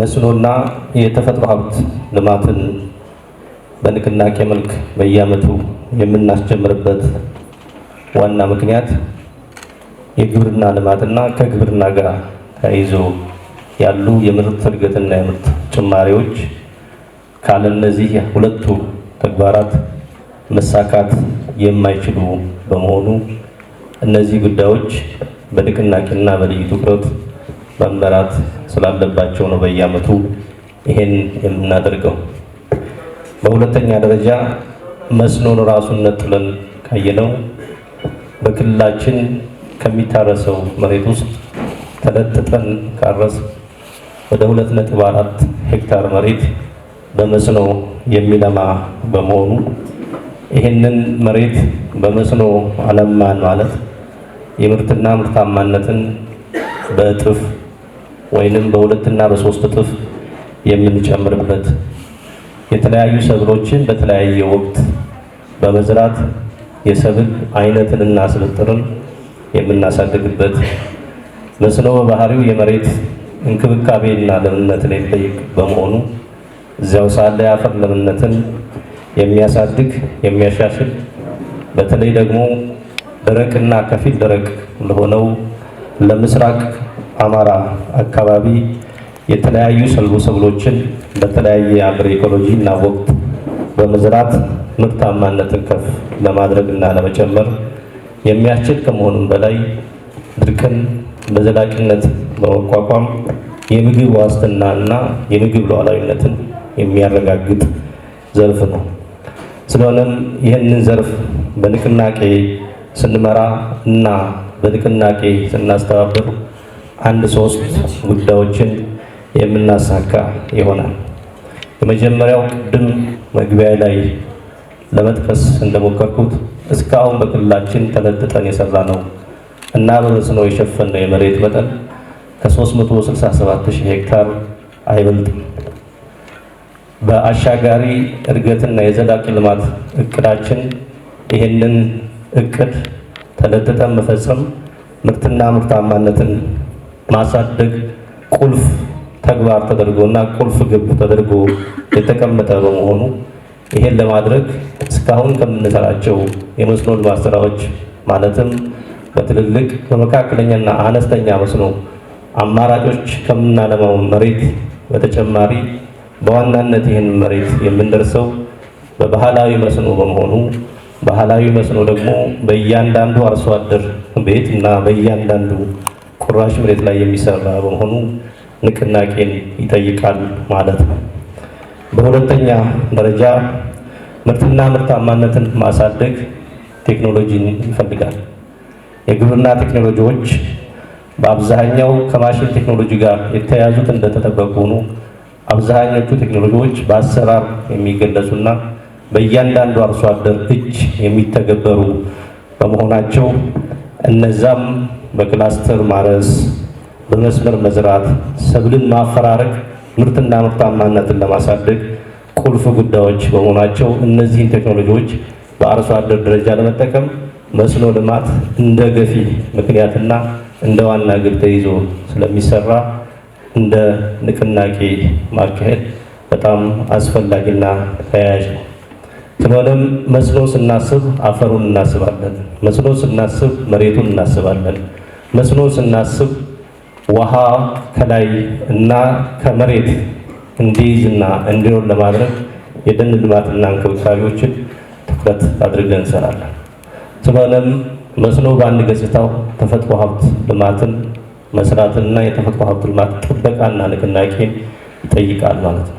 መስኖና የተፈጥሮ ሀብት ልማትን በንቅናቄ መልክ በየዓመቱ የምናስጀምርበት ዋና ምክንያት የግብርና ልማትና ከግብርና ጋር ተያይዞ ያሉ የምርት እድገትና የምርት ጭማሪዎች ካለ እነዚህ ሁለቱ ተግባራት መሳካት የማይችሉ በመሆኑ እነዚህ ጉዳዮች በንቅናቄና በልዩ ትኩረት መመራት ስላለባቸው ነው በየአመቱ ይሄን የምናደርገው። በሁለተኛ ደረጃ መስኖን ራሱን ነጥለን ካየነው በክልላችን ከሚታረሰው መሬት ውስጥ ተለጥጠን ካረስ ወደ 2.4 ሄክታር መሬት በመስኖ የሚለማ በመሆኑ ይህንን መሬት በመስኖ አለማን ማለት የምርትና ምርታማነትን በእጥፍ ወይንም በሁለትና በሶስት እጥፍ የምንጨምርበት የተለያዩ ሰብሎችን በተለያየ ወቅት በመዝራት የሰብል አይነትንና ስብጥርን የምናሳድግበት መስኖ በባህሪው የመሬት እንክብካቤና ለምነትን የሚጠይቅ በመሆኑ እዚያው ሳለ የአፈር ለምነትን የሚያሳድግ የሚያሻሽል በተለይ ደግሞ ደረቅና ከፊል ደረቅ ለሆነው ለምስራቅ አማራ አካባቢ የተለያዩ ሰልቦ ሰብሎችን በተለያየ አግሮ ኢኮሎጂ እና ወቅት በመዝራት ምርታማነትን ከፍ ለማድረግ እና ለመጨመር የሚያስችል ከመሆኑም በላይ ድርቅን በዘላቂነት በመቋቋም የምግብ ዋስትና እና የምግብ ሉዓላዊነትን የሚያረጋግጥ ዘርፍ ነው። ስለሆነም ይህንን ዘርፍ በንቅናቄ ስንመራ እና በንቅናቄ ስናስተባብር አንድ ሶስት ጉዳዮችን የምናሳካ ይሆናል። የመጀመሪያው ቅድም መግቢያ ላይ ለመጥቀስ እንደሞከርኩት እስካሁን በክልላችን ተለጥጠን የሰራ ነው እና በመስኖ ነው የመሬት መጠን ከ 367 ሄክታር አይበልጥም። በአሻጋሪ እድገትና የዘላቂ ልማት እቅዳችን ይህንን እቅድ ተለጥጠን መፈጸም ምርትና ምርታማነትን ማሳደግ ቁልፍ ተግባር ተደርጎ እና ቁልፍ ግብ ተደርጎ የተቀመጠ በመሆኑ ይሄን ለማድረግ እስካሁን ከምንሰራቸው የመስኖ ልማት ስራዎች ማለትም በትልልቅ በመካከለኛና አነስተኛ መስኖ አማራጮች ከምናለማው መሬት በተጨማሪ በዋናነት ይህን መሬት የምንደርሰው በባህላዊ መስኖ በመሆኑ ባህላዊ መስኖ ደግሞ በእያንዳንዱ አርሶ አደር ቤት እና በእያንዳንዱ ቁራሽ መሬት ላይ የሚሰራ በመሆኑ ንቅናቄን ይጠይቃል ማለት ነው። በሁለተኛ ደረጃ ምርትና ምርታማነትን ማሳደግ ቴክኖሎጂን ይፈልጋል። የግብርና ቴክኖሎጂዎች በአብዛኛው ከማሽን ቴክኖሎጂ ጋር የተያያዙት እንደተጠበቁ ሆኖ አብዛኞቹ ቴክኖሎጂዎች በአሰራር የሚገለጹና በእያንዳንዱ አርሶ አደር እጅ የሚተገበሩ በመሆናቸው እነዛም በክላስተር ማረስ፣ በመስመር መዝራት፣ ሰብልን ማፈራረቅ ምርትና ምርታማነትን ለማሳደግ ቁልፍ ጉዳዮች በመሆናቸው እነዚህን ቴክኖሎጂዎች በአርሶ አደር ደረጃ ለመጠቀም መስኖ ልማት እንደ ገፊ ምክንያትና እንደ ዋና ግብ ተይዞ ስለሚሰራ እንደ ንቅናቄ ማካሄድ በጣም አስፈላጊና ተያያዥ ነው። ስለሆነም መስኖ ስናስብ አፈሩን እናስባለን። መስኖ ስናስብ መሬቱን እናስባለን። መስኖ ስናስብ ውሃ ከላይ እና ከመሬት እንዲይዝና እንዲኖር ለማድረግ የደን ልማትና እንክብካቤዎችን ትኩረት አድርገን እንሰራለን። ስለሆነም መስኖ በአንድ ገጽታው ተፈጥሮ ሀብት ልማትን መስራትንና የተፈጥሮ ሀብት ልማት ጥበቃና ንቅናቄን ይጠይቃል ማለት ነው።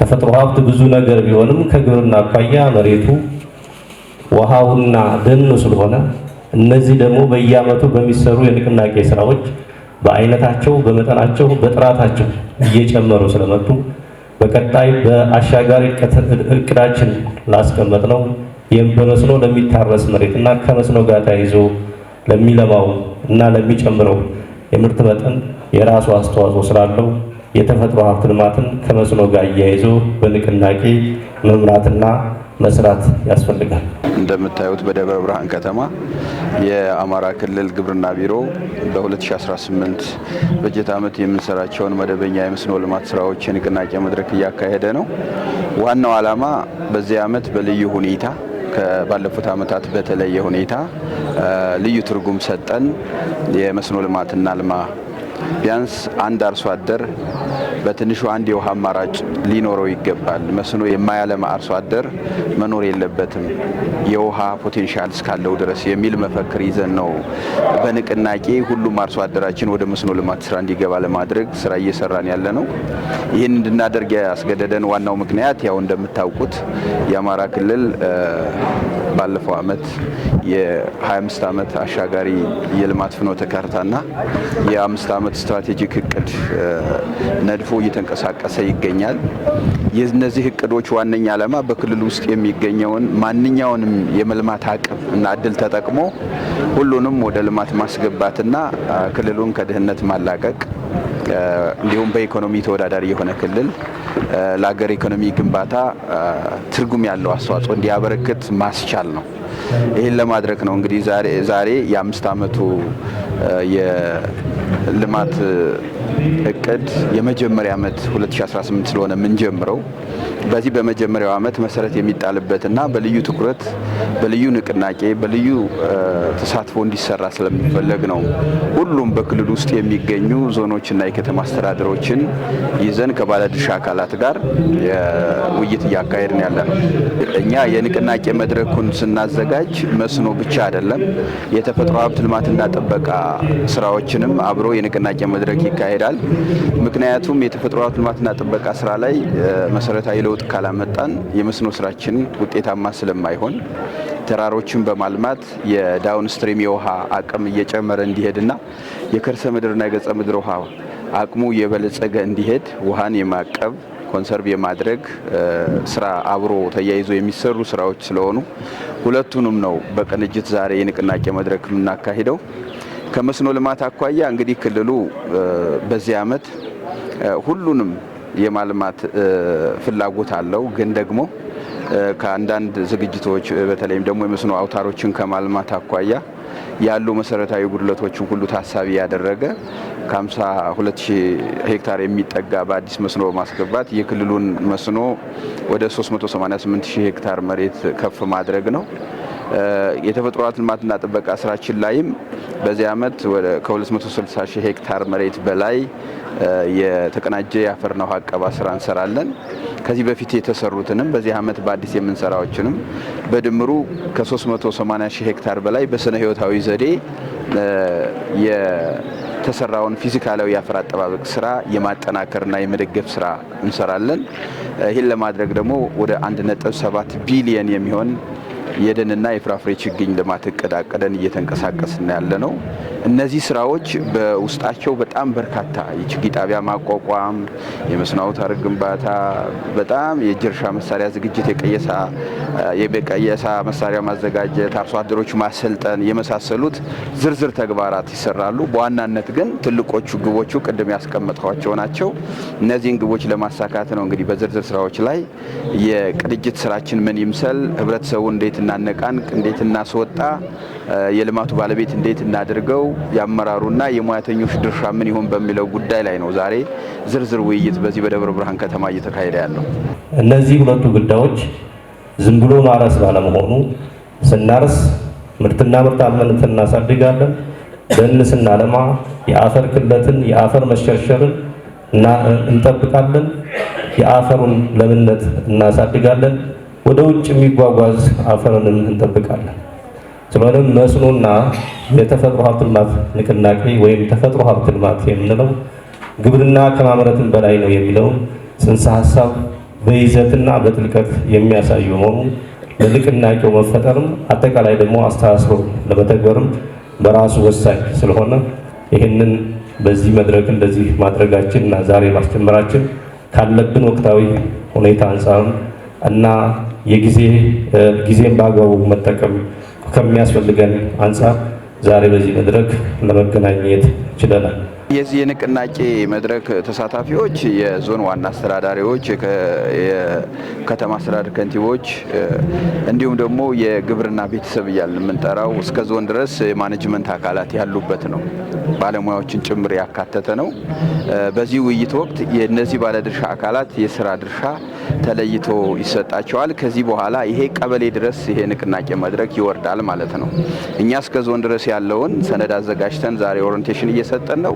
ተፈጥሮ ሀብት ብዙ ነገር ቢሆንም ከግብርና አኳያ መሬቱ ውሃውና ደኑ ስለሆነ እነዚህ ደግሞ በየአመቱ በሚሰሩ የንቅናቄ ስራዎች በአይነታቸው፣ በመጠናቸው፣ በጥራታቸው እየጨመሩ ስለመጡ በቀጣይ በአሻጋሪ እቅዳችን ላስቀመጥ ነው ይህም በመስኖ ለሚታረስ መሬትና ከመስኖ ጋር ተያይዞ ለሚለማው እና ለሚጨምረው የምርት መጠን የራሱ አስተዋጽኦ ስላለው የተፈጥሮ ሀብት ልማትን ከመስኖ ጋር እያይዞ በንቅናቄ መምራትና መስራት ያስፈልጋል። እንደምታዩት በደብረ ብርሃን ከተማ የአማራ ክልል ግብርና ቢሮ በ2018 በጀት ዓመት የምንሰራቸውን መደበኛ የመስኖ ልማት ስራዎች የንቅናቄ መድረክ እያካሄደ ነው። ዋናው ዓላማ በዚህ ዓመት በልዩ ሁኔታ ባለፉት ዓመታት በተለየ ሁኔታ ልዩ ትርጉም ሰጠን የመስኖ ልማትና ልማ ቢያንስ አንድ አርሶ አደር በትንሹ አንድ የውሃ አማራጭ ሊኖረው ይገባል። መስኖ የማያለማ አርሶ አደር መኖር የለበትም የውሃ ፖቴንሻል እስካለው ድረስ የሚል መፈክር ይዘን ነው በንቅናቄ ሁሉም አርሶ አደራችን ወደ መስኖ ልማት ስራ እንዲገባ ለማድረግ ስራ እየሰራን ያለ ነው። ይህን እንድናደርግ ያስገደደን ዋናው ምክንያት ያው እንደምታውቁት የአማራ ክልል ባለፈው ዓመት የ25 ዓመት አሻጋሪ የልማት ፍኖተ ካርታና የአምስት ዓመት ስትራቴጂክ እቅድ ነድፎ እየተንቀሳቀሰ ይገኛል። የእነዚህ እቅዶች ዋነኛ ዓላማ በክልል ውስጥ የሚገኘውን ማንኛውንም የመልማት አቅም እና እድል ተጠቅሞ ሁሉንም ወደ ልማት ማስገባትና ክልሉን ከድህነት ማላቀቅ እንዲሁም በኢኮኖሚ ተወዳዳሪ የሆነ ክልል ለሀገር ኢኮኖሚ ግንባታ ትርጉም ያለው አስተዋጽኦ እንዲያበረክት ማስቻል ነው። ይህን ለማድረግ ነው እንግዲህ ዛሬ የአምስት ዓመቱ የልማት እቅድ የመጀመሪያ ዓመት 2018 ስለሆነ የምንጀምረው በዚህ በመጀመሪያው ዓመት መሰረት የሚጣልበትና በልዩ ትኩረት፣ በልዩ ንቅናቄ፣ በልዩ ተሳትፎ እንዲሰራ ስለሚፈለግ ነው። ሁሉም በክልል ውስጥ የሚገኙ ዞኖችና የከተማ አስተዳደሮችን ይዘን ከባለድርሻ አካላት ጋር ውይይት እያካሄድን ያለ ነው። እኛ የንቅናቄ መድረኩን ስናዘጋጅ መስኖ ብቻ አይደለም፣ የተፈጥሮ ሀብት ልማትና ጥበቃ ስራዎችንም አብሮ የንቅናቄ መድረክ ይካሄዳል። ምክንያቱም የተፈጥሮ ሀብት ልማትና ጥበቃ ስራ ላይ መሰረታዊ ለውጥ ካላመጣን የመስኖ ስራችን ውጤታማ ስለማይሆን ተራሮችን በማልማት የዳውን ስትሪም የውሃ አቅም እየጨመረ እንዲሄድና የከርሰ ምድርና የገጸ ምድር ውሃ አቅሙ የበለጸገ እንዲሄድ ውሃን የማቀብ ኮንሰርቭ የማድረግ ስራ አብሮ ተያይዞ የሚሰሩ ስራዎች ስለሆኑ ሁለቱንም ነው በቅንጅት ዛሬ የንቅናቄ መድረክ የምናካሂደው። ከመስኖ ልማት አኳያ እንግዲህ ክልሉ በዚህ ዓመት ሁሉንም የማልማት ፍላጎት አለው። ግን ደግሞ ከአንዳንድ ዝግጅቶች በተለይም ደግሞ የመስኖ አውታሮችን ከማልማት አኳያ ያሉ መሰረታዊ ጉድለቶችን ሁሉ ታሳቢ ያደረገ ከ52 ሄክታር የሚጠጋ በአዲስ መስኖ ማስገባት የክልሉን መስኖ ወደ 388 ሄክታር መሬት ከፍ ማድረግ ነው። የተፈጥሮ ሀብት ልማትና ጥበቃ ስራችን ላይም በዚህ ዓመት ከ260 ሺህ ሄክታር መሬት በላይ የተቀናጀ የአፈርና ውሃ አቀባ ስራ እንሰራለን። ከዚህ በፊት የተሰሩትንም በዚህ ዓመት በአዲስ የምንሰራዎችንም በድምሩ ከ380 ሺህ ሄክታር በላይ በስነ ህይወታዊ ዘዴ የተሰራውን ፊዚካላዊ የአፈር አጠባበቅ ስራ የማጠናከርና የመደገፍ ስራ እንሰራለን። ይህን ለማድረግ ደግሞ ወደ 1.7 ቢሊየን የሚሆን የደንና የፍራፍሬ ችግኝ ልማት እቅድ አቅደን ያለ ነው። እነዚህ ስራዎች በውስጣቸው በጣም በርካታ የችግኝ ጣቢያ ማቋቋም፣ የመስኖ አውታር ግንባታ፣ በጣም የእጅ እርሻ መሳሪያ ዝግጅት፣ የቀየሳ መሳሪያ ማዘጋጀት፣ አርሶ አደሮች ማሰልጠን የመሳሰሉት ዝርዝር ተግባራት ይሰራሉ። በዋናነት ግን ትልቆቹ ግቦቹ ቅድም ያስቀመጥኳቸው ናቸው። እነዚህን ግቦች ለማሳካት ነው እንግዲህ በዝርዝር ስራዎች ላይ የቅንጅት ስራችን ምን ይምሰል፣ ህብረተሰቡ እንዴት እናነቃንቅ፣ እንዴት እናስወጣ፣ የልማቱ ባለቤት እንዴት እናድርገው የአመራሩና የሙያተኞች ድርሻ ምን ይሆን በሚለው ጉዳይ ላይ ነው ዛሬ ዝርዝር ውይይት በዚህ በደብረ ብርሃን ከተማ እየተካሄደ ያለው። እነዚህ ሁለቱ ጉዳዮች ዝም ብሎ ማረስ ባለመሆኑ ስናርስ ምርትና ምርታማነትን እናሳድጋለን። ደን ስናለማ የአፈር ክለትን የአፈር መሸርሸርን እንጠብቃለን። የአፈሩን ለምነት እናሳድጋለን። ወደ ውጭ የሚጓጓዝ አፈርንም እንጠብቃለን። ትበልም መስኖና የተፈጥሮ ሀብት ልማት ንቅናቄ ወይም ተፈጥሮ ሀብት ልማት የምንለው ግብርና ከማምረትን በላይ ነው የሚለውን ጽንሰ ሀሳብ በይዘትና በጥልቀት የሚያሳዩ መሆኑ ለንቅናቄው መፈጠርም አጠቃላይ ደግሞ አስተሳስሮ ለመተግበርም በራሱ ወሳኝ ስለሆነ ይህንን በዚህ መድረክ እንደዚህ ማድረጋችን እና ዛሬ ማስጀመራችን ካለብን ወቅታዊ ሁኔታ አንጻርም እና የጊዜ ጊዜን በአግባቡ መጠቀም ከሚያስፈልገን አንጻር ዛሬ በዚህ መድረክ ለመገናኘት ችለናል። የዚህ የንቅናቄ መድረክ ተሳታፊዎች የዞን ዋና አስተዳዳሪዎች፣ የከተማ አስተዳደር ከንቲቦች እንዲሁም ደግሞ የግብርና ቤተሰብ እያል የምንጠራው እስከ ዞን ድረስ የማኔጅመንት አካላት ያሉበት ነው። ባለሙያዎችን ጭምር ያካተተ ነው። በዚህ ውይይት ወቅት የእነዚህ ባለድርሻ አካላት የስራ ድርሻ ተለይቶ ይሰጣቸዋል። ከዚህ በኋላ ይሄ ቀበሌ ድረስ ይሄ ንቅናቄ መድረክ ይወርዳል ማለት ነው። እኛ እስከ ዞን ድረስ ያለውን ሰነድ አዘጋጅተን ዛሬ ኦሪንቴሽን እየሰጠን ነው።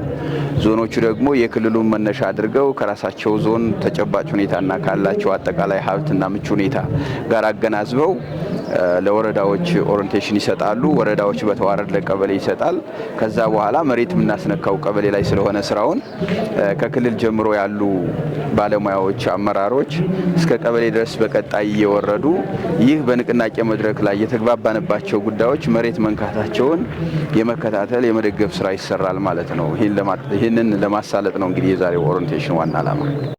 ዞኖቹ ደግሞ የክልሉን መነሻ አድርገው ከራሳቸው ዞን ተጨባጭ ሁኔታና ካላቸው አጠቃላይ ሀብትና ምቹ ሁኔታ ጋር አገናዝበው ለወረዳዎች ኦሪንቴሽን ይሰጣሉ። ወረዳዎች በተዋረድ ለቀበሌ ይሰጣል። ከዛ በኋላ መሬት የምናስነካው ቀበሌ ላይ ስለሆነ ስራውን ከክልል ጀምሮ ያሉ ባለሙያዎች፣ አመራሮች እስከ ቀበሌ ድረስ በቀጣይ እየወረዱ ይህ በንቅናቄ መድረክ ላይ የተግባባንባቸው ጉዳዮች መሬት መንካታቸውን የመከታተል የመደገፍ ስራ ይሰራል ማለት ነው። ይህንን ለማሳለጥ ነው እንግዲህ የዛሬው ኦሪንቴሽን ዋና ዓላማ።